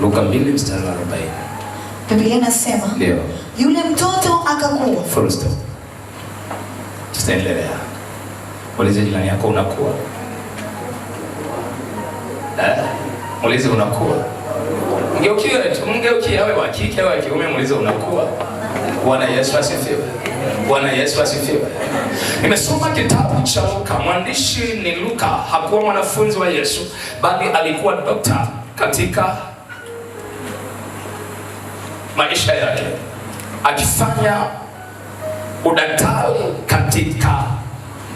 Luka 2 mstari wa 40. Biblia inasema ndio, yule mtoto akakua. First. stop. Tutaendelea. Ulize jirani yako unakuwa. Eh, ulize unakuwa. Mgeukie, mgeukie awe wa kike au wa kiume, muulize unakuwa. Bwana Yesu asifiwe. Bwana Yesu asifiwe. Nimesoma kitabu cha Luka, mwandishi ni Luka, hakuwa mwanafunzi wa Yesu bali alikuwa dokta katika maisha yake akifanya udaktari katika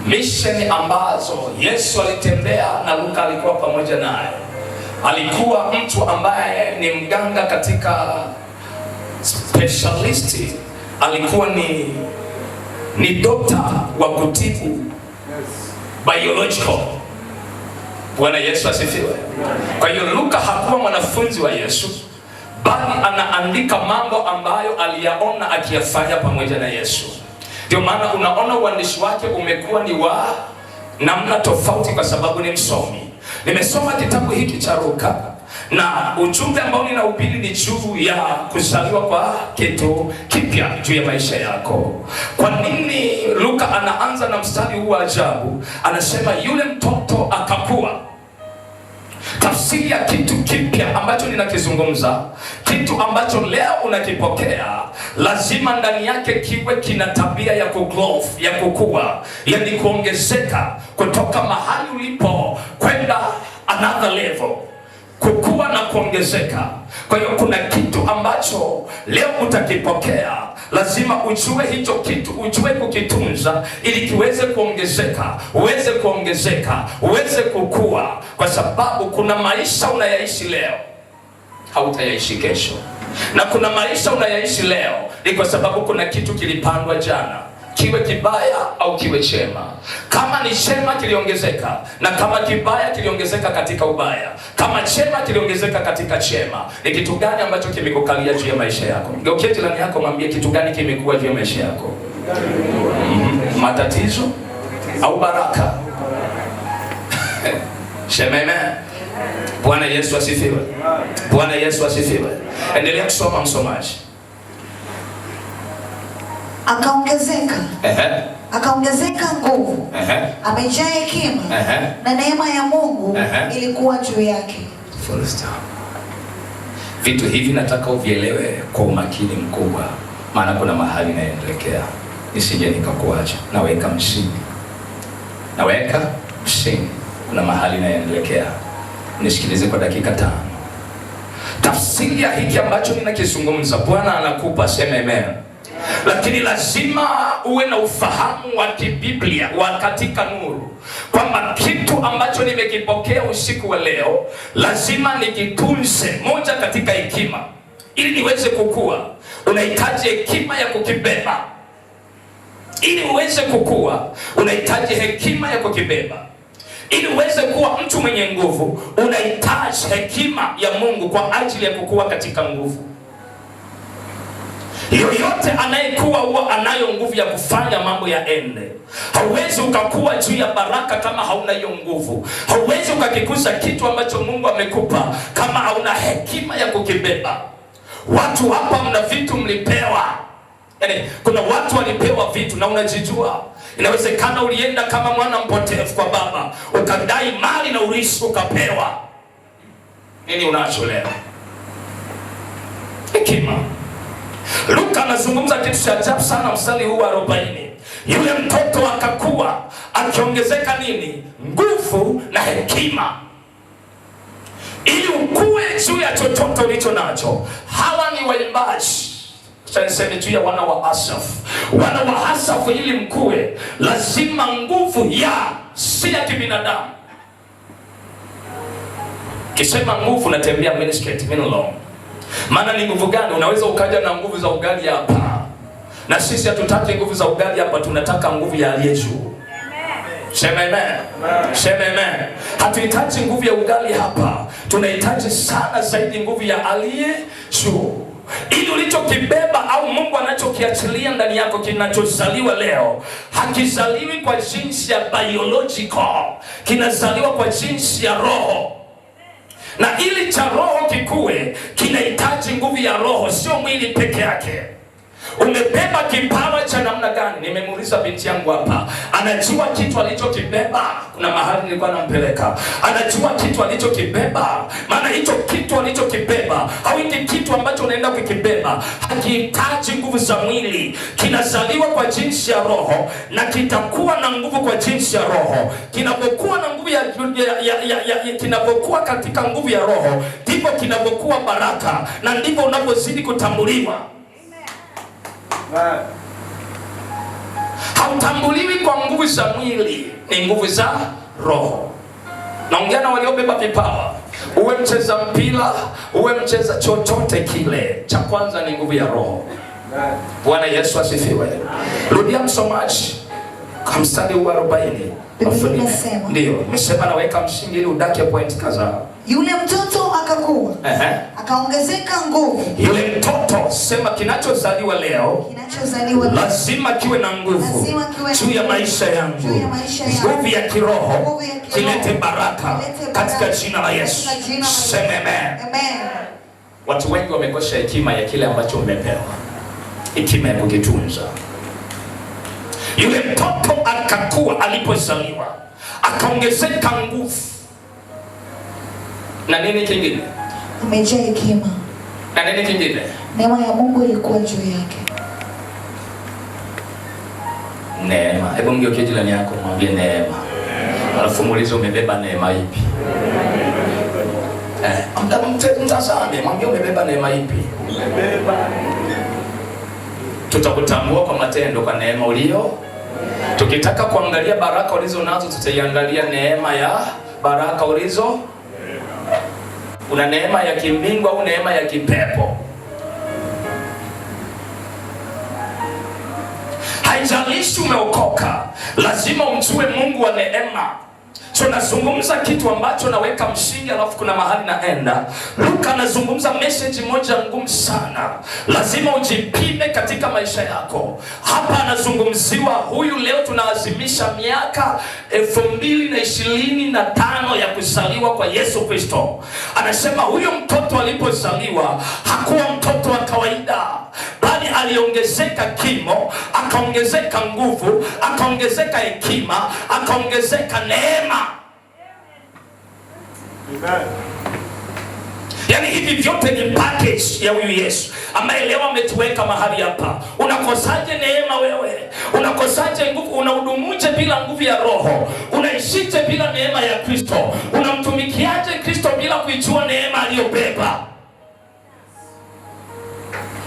misheni ambazo Yesu alitembea na Luka alikuwa pamoja naye. Alikuwa mtu ambaye ni mganga katika specialisti, alikuwa ni ni dokta wa kutibu biological. Bwana Yesu asifiwe. Kwa hiyo Luka hakuwa mwanafunzi wa Yesu bali anaandika mambo ambayo aliyaona akiyafanya pamoja na Yesu. Ndio maana unaona uandishi wake umekuwa ni wa namna tofauti, kwa sababu ni msomi. Nimesoma kitabu hiki cha Luka na ujumbe ambao ninahubiri ni juu ya kuzaliwa kwa kitu kipya juu ya maisha yako. Kwa nini Luka anaanza na mstari huu wa ajabu? Anasema yule mtoto akakua tafsiri ya kitu kipya ambacho ninakizungumza, kitu ambacho leo unakipokea, lazima ndani yake kiwe kina tabia ya kugrowth, ya kukua, yani kuongezeka kutoka mahali ulipo kwenda another level kukua na kuongezeka. Kwa hiyo kuna kitu ambacho leo utakipokea, lazima ujue hicho kitu, ujue kukitunza ili kiweze kuongezeka, uweze kuongezeka, uweze kukua, kwa sababu kuna maisha unayaishi leo hautayaishi kesho, na kuna maisha unayaishi leo ni kwa sababu kuna kitu kilipandwa jana kiwe kibaya au kiwe chema, kama ni chema kiliongezeka, na kama kibaya kiliongezeka katika ubaya, kama chema kiliongezeka katika chema. Ni kitu gani ambacho kimekukalia juu ya maisha yako? Mgeukie jirani yako, mwambie kitu gani kimekuwa juu ya maisha yako? Mm-hmm. matatizo au baraka? Shememe. Bwana Yesu asifiwe. Bwana Yesu asifiwe. Endelea kusoma msomaji akaongezeka akaongezeka nguvu, amejaa hekima na neema ya Mungu ilikuwa juu yake. Vitu hivi nataka uvielewe kwa umakini mkubwa, maana kuna mahali naelekea, nisije nikakuacha. Naweka msingi, naweka msingi, kuna mahali naelekea. Nisikilize kwa dakika tano, tafsiri ya hiki ambacho ninakizungumza. Bwana anakupa sema amen lakini lazima uwe na ufahamu wa kibiblia wa katika nuru, kwamba kitu ambacho nimekipokea usiku wa leo lazima nikitunze, moja katika hekima, ili niweze kukua. Unahitaji hekima ya kukibeba ili uweze kukua, unahitaji hekima ya kukibeba ili uweze kuwa mtu mwenye nguvu, unahitaji hekima ya Mungu kwa ajili ya kukua katika nguvu. Yoyote anayekuwa huwa anayo nguvu ya kufanya mambo ya ende Hauwezi ukakuwa juu ya baraka kama hauna hiyo nguvu. Hauwezi ukakikusha kitu ambacho Mungu amekupa kama hauna hekima ya kukibeba. Watu hapa mna vitu mlipewa, yaani kuna watu walipewa vitu na unajijua Inawezekana ulienda kama mwana mpotevu kwa baba, ukadai mali na urithi ukapewa. Nini unacho leo? Hekima. Luka anazungumza kitu cha ajabu sana, mstari huu wa arobaini, yule mtoto akakuwa akiongezeka nini, nguvu na hekima. Ili ukue juu ya chochote ulicho nacho. Hawa ni waimbaji chaniseme juu ya wana wa asaf wana wa Asafu, ili mkue lazima nguvu ya si ya kibinadamu. Kisema nguvu natembea miniskirt long maana ni nguvu gani? Unaweza ukaja na nguvu za ugali hapa, na sisi hatutaki nguvu za ugali hapa, tunataka nguvu ya aliye juu. Sema amen. Sema amen. Hatuhitaji nguvu ya ugali hapa, tunahitaji sana zaidi nguvu ya aliye juu ili ulichokibeba au Mungu anachokiachilia ndani yako kinachozaliwa leo hakizaliwi kwa jinsi ya biological, kinazaliwa kwa jinsi ya roho na ili cha roho kikuwe kinahitaji nguvu ya roho, sio mwili peke yake. Umebeba kipawa cha namna gani? Nimemuuliza binti yangu hapa, anajua kitu alichokibeba. Kuna mahali nilikuwa nampeleka, anajua kitu alichokibeba, maana hicho kitu alichokibeba au hiki kitu ambacho unaenda kukibeba hakihitaji nguvu za mwili, kinazaliwa kwa jinsi ya roho na kitakuwa na nguvu kwa jinsi ya roho kinapokuwa na nguvu ya, ya, ya, ya, ya kinavyokuwa katika nguvu ya Roho ndipo kinavyokuwa baraka na ndipo unavyozidi kutambuliwa. Hautambuliwi kwa nguvu za mwili, ni nguvu za Roho. Naongea na waliobeba vipawa, uwe mcheza mpira, uwe mcheza chochote kile, cha kwanza ni nguvu ya Roho. Bwana Yesu asifiwe. Rudia msomaji kwa mstari wa 40 ndio nimesema naweka msingi ili udake point kadhaa. Yule mtoto akakuwa akaongezeka nguvu. Yule mtoto sema, kinachozaliwa leo kinachozaliwa lazima kiwe na nguvu juu ya maisha yangu, nguvu ya kiroho kilete baraka katika jina la Yesu. Sema amen. Watu wengi wamekosha hekima ya kile ambacho umepewa, hekima ya kukitunza yule mtoto akakua, alipozaliwa akaongezeka nguvu na nini kingine, amejaa hekima na nini kingine, neema ya Mungu ilikuwa juu yake. Neema, hebu mgeukie jirani yako mwambie neema, alafu muulize umebeba neema ipi? Eh, mtazame mwambie umebeba neema ipi? Tutakutambua kwa matendo, kwa neema uliyo Tukitaka kuangalia baraka ulizo nazo, tutaiangalia neema ya baraka ulizo. Una neema ya kimbingu au neema ya kipepo? Haijalishi umeokoka, lazima umjue Mungu wa neema tunazungumza kitu ambacho naweka msingi, alafu kuna mahali naenda. Luka anazungumza message moja ngumu sana, lazima ujipime katika maisha yako. Hapa anazungumziwa huyu, leo tunaazimisha miaka elfu mbili na ishirini na tano ya kuzaliwa kwa Yesu Kristo. Anasema huyu mtoto alipozaliwa hakuwa mtoto wa kawaida bali aliongezeka kimo, akaongezeka nguvu, akaongezeka hekima, akaongezeka neema. Yaani hivi vyote ni package ya huyu Yesu ambaye leo ametuweka mahali hapa. Unakosaje neema wewe? Unakosaje nguvu? Unahudumuje bila nguvu ya Roho? Unaishije bila neema ya Kristo? Unamtumikiaje Kristo bila kuijua neema aliyobeba?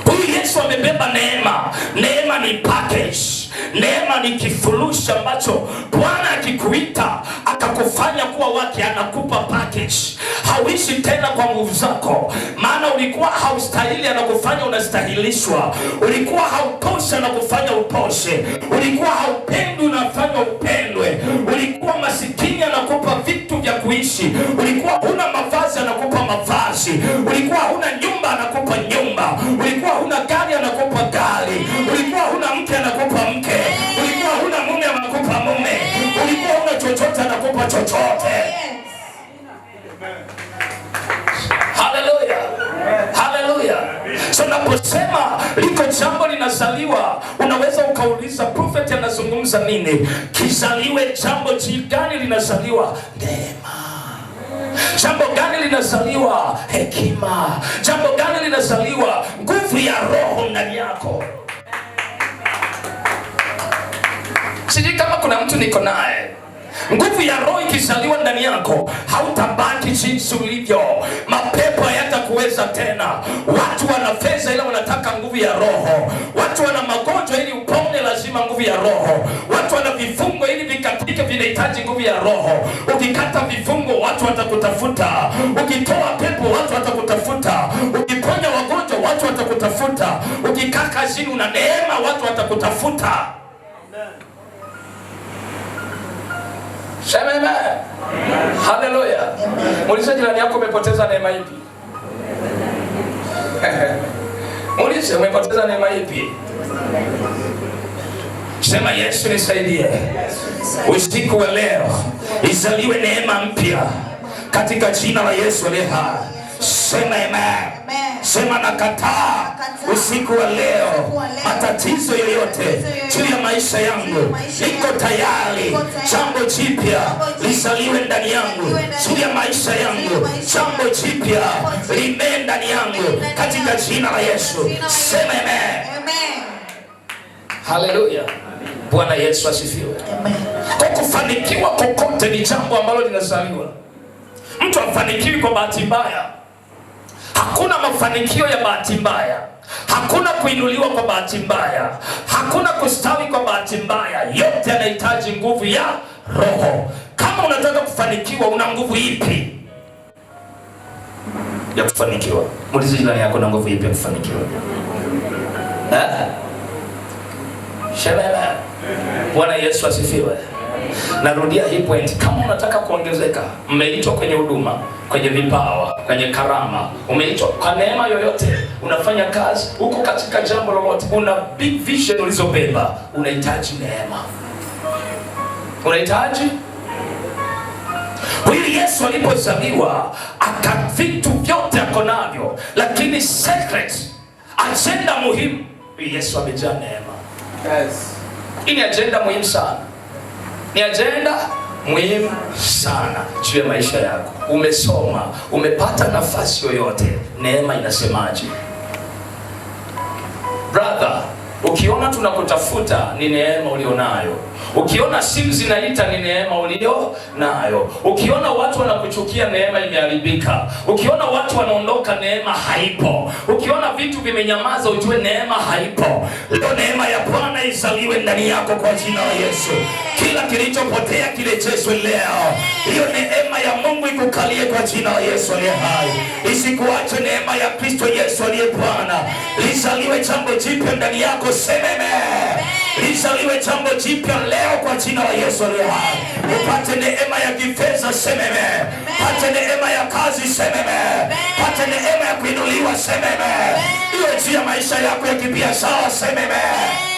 Huyu Yesu amebeba neema. Neema ni package. Neema neema ni kifurushi ambacho Bwana akikuita akakufanya kuwa wake, anakupa package. Hauishi tena kwa nguvu zako, maana ulikuwa haustahili, anakufanya unastahilishwa. Ulikuwa hautoshi, anakufanya utoshe. Ulikuwa haupendwi, unafanya upendwe. Ulikuwa masikini, anakupa vitu vya kuishi. Ulikuwa huna mavazi, anakupa mavazi. Ulikuwa huna nyumba, anakupa nyumba. chochote yes. Haleluya, haleluya. So naposema liko jambo linazaliwa, unaweza ukauliza prophet anazungumza nini? Kizaliwe jambo gani? Linazaliwa neema Jambo gani linazaliwa? Hekima. Jambo gani linazaliwa? Nguvu ya Roho ndani yako. Sijui kama kuna mtu niko naye Nguvu ya Roho ikizaliwa ndani yako, hautabaki jinsi ulivyo. Mapepo hayatakuweza tena. Watu wana fedha, ila wanataka nguvu ya Roho. Watu wana magonjwa, ili upone lazima nguvu ya Roho. Watu wana vifungo, ili vikatike, vinahitaji nguvu ya Roho. Ukikata vifungo, watu watakutafuta. Ukitoa pepo, watu watakutafuta. Ukiponya wagonjwa, watu watakutafuta. Ukikaa kazini una neema, watu watakutafuta. Sema amen. Haleluya. Muulize jirani yako umepoteza neema ipi? Muulize umepoteza neema ipi? Sema Yesu nisaidie. Usiku wa leo izaliwe neema mpya katika jina la Yesu aliye hai. Sema amen. Sema nakataa usiku wa leo, matatizo yoyote juu ya maisha yangu, niko tayari chambo jipya lizaliwe ndani yangu, juu ya maisha yangu, chambo jipya limee ndani yangu, katika jina la Yesu. Sema amen. Haleluya. Bwana Yesu asifiwe. Kwa kufanikiwa kokote ni jambo ambalo linazaliwa. Mtu afanikiwi kwa bahati mbaya. Hakuna mafanikio ya bahati mbaya. Hakuna kuinuliwa kwa bahati mbaya, hakuna kustawi kwa bahati mbaya. Yote yanahitaji nguvu ya Roho. Kama unataka kufanikiwa, una nguvu ipi ya kufanikiwa? Muulize jirani yako, na nguvu ipi ya kufanikiwa? Shalala. Bwana Yesu asifiwe. Narudia hii point, kama unataka kuongezeka, mmeitwa kwenye huduma, kwenye vipawa kwenye karama, umeitwa kwa neema yoyote, unafanya kazi huko katika jambo lolote, una big vision ulizobeba, unahitaji neema, unahitaji Huyu Yesu alipozaliwa aka vitu vyote ako navyo, lakini secret agenda muhimu, Yesu amejaa neema. Yes. Hii ni agenda muhimu sana, ni agenda muhimu sana juu ya maisha yako. Umesoma, umepata nafasi yoyote, neema inasemaje brother? Ukiona tunakutafuta ni neema ulionayo. Ukiona simu zinaita ni neema ulio nayo. Ukiona watu wanakuchukia, neema imeharibika. Ukiona watu wanaondoka, neema haipo. Ukiona vitu vimenyamaza, ujue neema haipo. Leo neema ya Bwana izaliwe ndani yako kwa jina la Yesu. Kila kilichopotea kirejeshwe leo. Hiyo neema ya Mungu ikukalie kwa jina la Yesu aliye hai. Isikuache neema ya Kristo Yesu aliye Bwana. Lizaliwe jambo jipya ndani yako useme lizaliwe jambo jipya leo kwa jina la Yesu aliye hai. Upate neema ya kifedha, sememe. Pate neema ya kazi, sememe. Pate neema ya kuinuliwa, sememe. Iwe juu ya maisha yako ya kibiashara, sememe.